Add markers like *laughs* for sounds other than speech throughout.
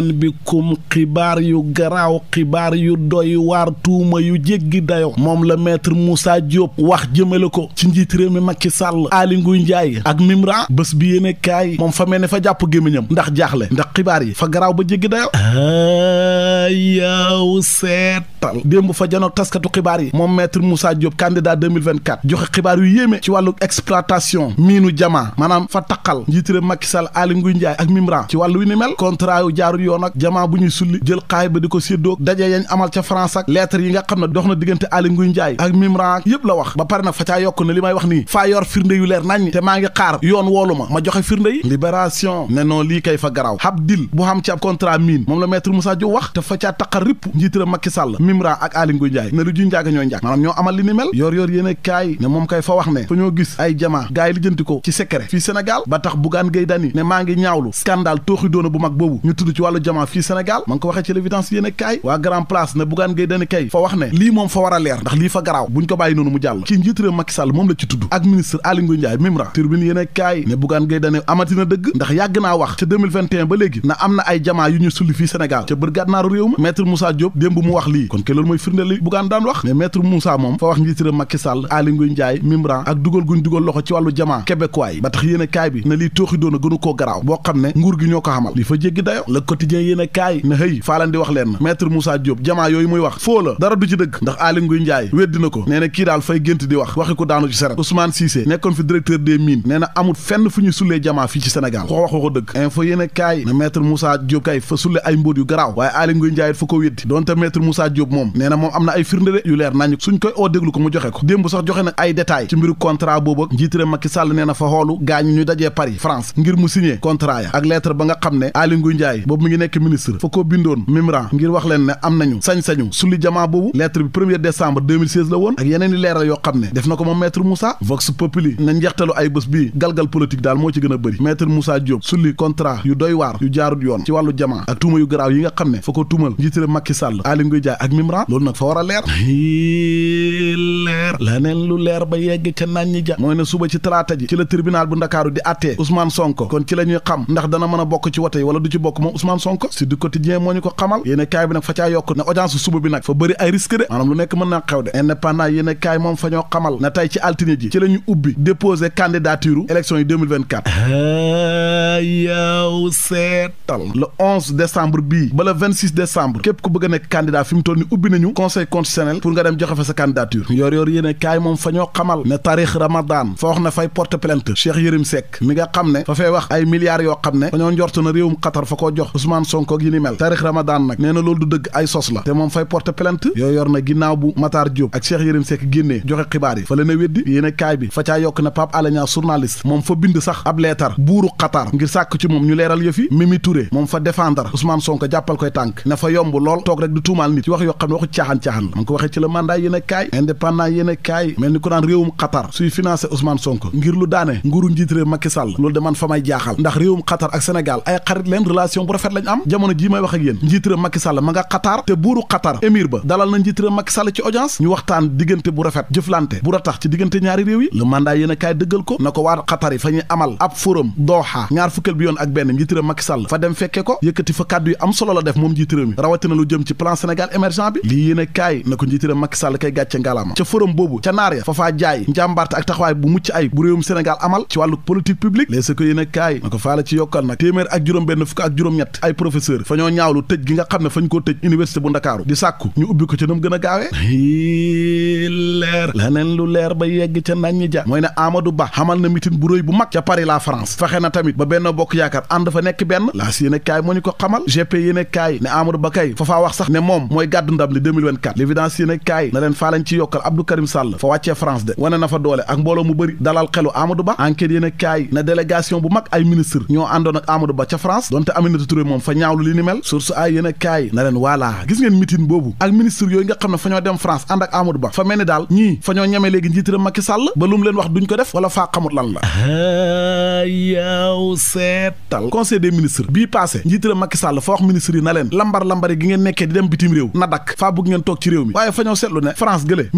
naan bikum xibaar yu garaaw xibaar yu doy waar tuuma yu jéggi dayo moom la maître Moussa Diop wax jëmale ko ci njiit réew mi Macky Sall Aly Ngouille ak Mimran bés bi yéene kaay moom fa mel ne fa jàpp gémmiñam ndax jaaxle ndax xibaar yi fa garaaw ba jéggi dayo yaw seetal démb fa janoog taskatu xibaar yi moom maître Moussa Diop candidat joxe xibaar yu yéeme ci wàllu exploitation miinu jamaa maanaam fa taqal njiit réew Macky Sall Aly Ngouille ak Mimran ci wàllu wi ni mel contrat yu jaarul yoon ak jamaa bu ñuy sulli jël xaay ba di ko séddoo daje yañ amal ca France ak lettre yi nga xam ne dox na diggante Aly Ngouille Ndiaye ak Mimran ak yëpp la wax ba pare nag fa caa yokk na li may wax nii faa yor firnde yu leer nañ te maa ngi xaar yoon woolu ma ma joxe firnde yi libération ne non lii kay fa garaaw hab dil bu xam ci ab contrat mine moom la maître Moussa Diop wax te fa caa taqar ripp njiitara Macky Sall Mimran ak Aly Ngouille Ndiaye ne lu ju njaag ñoo njaag ñoo amal li ni mel yor yor yéen kaay ne moom kay fa ay jamaa gaa yi lijjanti ko ci secret fii Sénégal ba tax Bougane Gueye Dany ne maa ngi ñaawlu scandale tooxi doona bu mag boobu wàllu jamaa ko waxee ci l'évidence yéen a kaay waa grand place ne Bougane Gueye kay fa wax ne lii moom fa war a leer ndax lii fa garaaw buñ ko bàyyi noonu mu jàll ci njiitu réew moom la ci tudd ak ministre Aly Ngouille Ndiaye Mimran turbine a kaay ne Bougane Gueye amati na dëgg ndax yàgg naa wax ca 2021 ba léegi na am na ay jamaa yu ñu sulli fii Sénégal ca bër gànnaaru réew ma maître Moussa Diop démb mu wax lii kon ke mooy firndeel li quotidien yéen a kaay ne hëy faalan di wax leen maître Moussa Diop jamaa yooyu muy wax foo la dara du ci dëgg ndax Aly Ngouille Ndiaye weddi na ko nee na kii daal fay gént di wax waxi ko daanu ci seret Ousmane Cissé nekkoon fi directeur des mines nee na amul fenn fu ñu sullee jamaa fii ci Sénégal ko wax ko dëgg info yéen a kaay na maître Moussa Diop kay fa sulle ay mbóot yu garaaw waaye Aly Ngouille Ndiaye fa ko weddi doonte maître Moussa Diop moom nee moom am na ay firnde yu leer nañu suñ koy oo déglu ko mu joxe ko démb sax joxe na ay détails ak njiitare ba nga xam ne Aly Ngouille Ndiaye boobu mi ngi nekk ministre fa ko bindoon Mimran ngir wax leen ne am nañu sañ-sañu sulli jamaa boobu lettre bi premier décembre 2016 la woon ak yeneen i leeral yoo xam ne def na ko moom maître Moussa Vox Populi na njeextalu ay bés bii galgal politique daal moo ci gën a bëri maître Moussa Diop sulli contrat yu doy waar yu jaarut yoon ci wàllu jamaa ak tuuma yu garaaw yi nga xam ne fa ko tuumal njiitale Macky Sall Aly Ngouille Ndiaye ak Mimran loolu nag fa war a leer *laughs* leer ba yegg ca naan ñi ja mooy ne suba ci talaata ji la tribunal bu Ndakaaru di attee Ousmane kon ci la ñuy xam ndax dana mën a bokk ci wote yi wala du ci Sonko si du quotidien moo ñu ko xamal yéen kaay bi nag fa caa yokk ne audience suba bi nag fa bëri ay risque de maanaam lu nekk mën naa xew de indépendant yéen kaay moom na tey ci altine ji ci la ñu ubbi déposé candidature élection yi 2024 yow seetal le 11 décembre bii ba le 26 décembre képp ku bëgg a nekk candidat fi mu toll ni ubbi nañu conseil constitutionnel pour nga dem joxe fa sa candidature yoor yoor yéen kaay moom fa ñoo xamal ne tarix ramadan fa wax na fay porte plainte Cheikh Yérim Seck mi nga xam ne fa fay wax ay milliards yoo xam ne fa ñoo njort na réewum Qatar fa koo jox Ousmane Sonko ak yu ni mel Tariq Ramadan nag nee na loolu du dëgg ay sos la te moom fay porter plainte yooyu na ginnaaw bu Matar Diop ak Cheikh Yérim Seck génnee joxe xibaar yi fa la na weddi yéene kaay bi fa caa yokk na Pape Alé Niang moom fa bind sax ab leetar buuru Qatar ngir sàkk ci moom ñu leeral yëfi Mimi Touré moom fa défendre Ousmane Sonko jàppal koy tànk ne fa yomb lool toog rek du tuumaal nit ci wax yoo xam ne waxu caaxaan-caaxaan la mu ko waxee ci la mandat yéene lañ am may wax ak yéen njiitëram Macky Sall ma nga Qatar te buuru Qatar émir ba dalal na njiitëram Macky Sall ci audience ñu waxtaan diggante bu rafet jëflante bu ratax ci diggante ñaari réew yi le mandat yéen a dëggal ko na ko waa Qatar yi fa ñuy amal ab forum Doha ñaar fukkal bi yoon ak benn njiitëram Macky Sall fa dem fekke ko yëkkati fa kàddu yu am solo la def moom njiitëram mi rawatina lu jëm ci plan Sénégal émergent bi lii yéen a ay professeur fa ñoo ñaawlu tëj gi nga xam ne fañ koo tëj université bu ndakaaru di sàkku ñu ubbi ko ca nam gën a gaawee leer leneen lu leer ba yegg ca nañ ñi ja mooy ne Amadou Ba xamal na mitin bu rëy bu mag ca Paris la France fexe na tamit ba benn bokk yaakaar ànd fa nekk benn laas yéen moo ñu ko xamal GP yéen ne Amadou Ba kay fa wax sax ne moom mooy gàddu ndam li 2024 l'évidence na leen faa ci yokkal Abdou Karim Sall fa wàccee France de bu mag ay ministre ñoo àndoon ak ñoom fa ñaawlu li ni mel source ay yéen a kaay na leen voilà gis ngeen meeting boobu ak ministre yooyu nga xam ne fa dem France ànd ak Amadou Ba fa mel daal ñii fa ñoo léegi njiitiram Macky Sall ba lu leen wax duñ ko def wala faa xamut lan la yaaw seetal conseil des bii passé njiitiram Macky Sall fa wax ministre yi na leen lambar lambari gi ngeen nekkee di dem bitim réew na dakk faa bëgg ngeen toog ci réew mi waaye fa seetlu ne France gële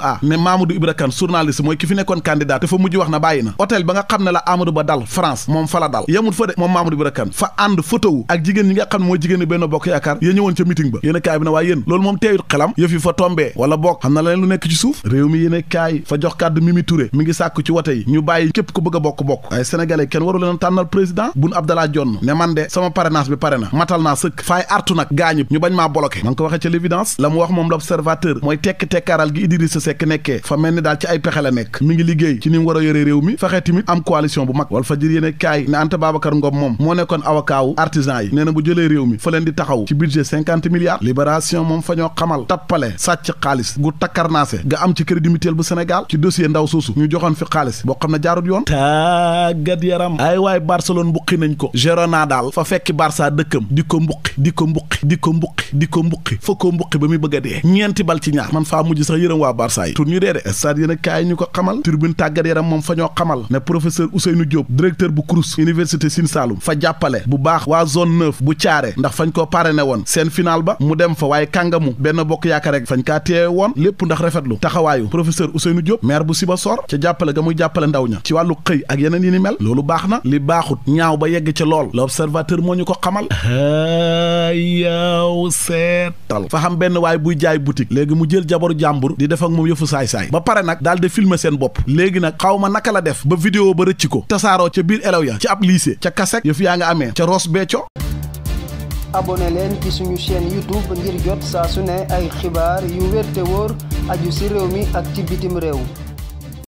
a ne Mamadou Ibra Kane journaliste mooy ki fi nekkoon candidat te fa mujj wax na bàyyi na hôtel ba nga xam ne la Amadou Ba dal France moom fa la dal yamut fa de moom Mamadou Ibra Kane fa ànd photo ak jigéen ñi nga xam ne mooy jigéen benn bokk yaakaar ya ñëwoon ca meeting ba yéen a bi na waaye yéen loolu moom teewit xelam yëf yi fa tombee wala bokk xam na leen lu nekk ci suuf réew mi yéen a kaay fa jox kàddu Mimi Touré mi ngi sàkku ci wote yi ñu bàyyi képp ku bëgg bokk-bokk waaye sénégalais kenn waru leen tànnal président Boun Abdallah Dionne ne man de sama parrainage bi pare na matal naa sëkk faay artu nag gaañu ñu bañ maa bloqué man fa mel ni daal ci pexe la nekk mi ngi liggéey ci ni mu a yore réew mi fexe tamit am coalition bu mag wal fajir yéene kaay ne Anta Babacar Ngom moom moo nekkoon avocat wu artisan yi nee na bu jëlee réew mi fa leen di taxaw ci budget cinquante milliards moom fa xamal tappale sàcc xaalis gu takkarnaase nga am ci crédit mutuel bu Sénégal ci dossier ndaw suusu ñu joxoon fi xaalis boo xam ne jaarut yoon tàggat yaram ay waay Barcelone mbuqi nañ ko Girona daal fa fekki Barça dëkkam di ko mbuqi di ko mbuqi ba muy bëgg a dee ñeenti bal ci a moom fa xamal ne professeur Ousseynou Diop directeur bu CROUS université Sine Saloum fa jàppale bu baax waa zone neuf bu caare ndax fañ koo parrainé woon seen final ba mu dem fa waaye kàngamu benn bokk yaakaar rek fañ kaa téye woon lépp ndax rafetlu taxawaayu professeur Ousseynou Diop maire bu siba sor ca jàppale ga muy jàppale ndaw ña ci wàllu xëy ak yeneen yi ni mel loolu baax na li baaxut ñaaw ba yegg ca lool l'observateur moo ñu ko xamal yaw seetal xam benn waay buy jaay boutique léegi mu jël jabaru jàmbur di def ak yëfu saay-saay ba pare nag daal di filmer seen bopp léegi ma naka la def ba vidéo ba rëcc ko tasaaroo ca biir elew ya ca ab lycée ca kasek yëf yaa ngi amee ca Ross Béthio abonné leen ci suñu chaîne youtube ngir jot saa su ne ay xibaar yu wér te wóor aju si réew mi ak ci bitim réew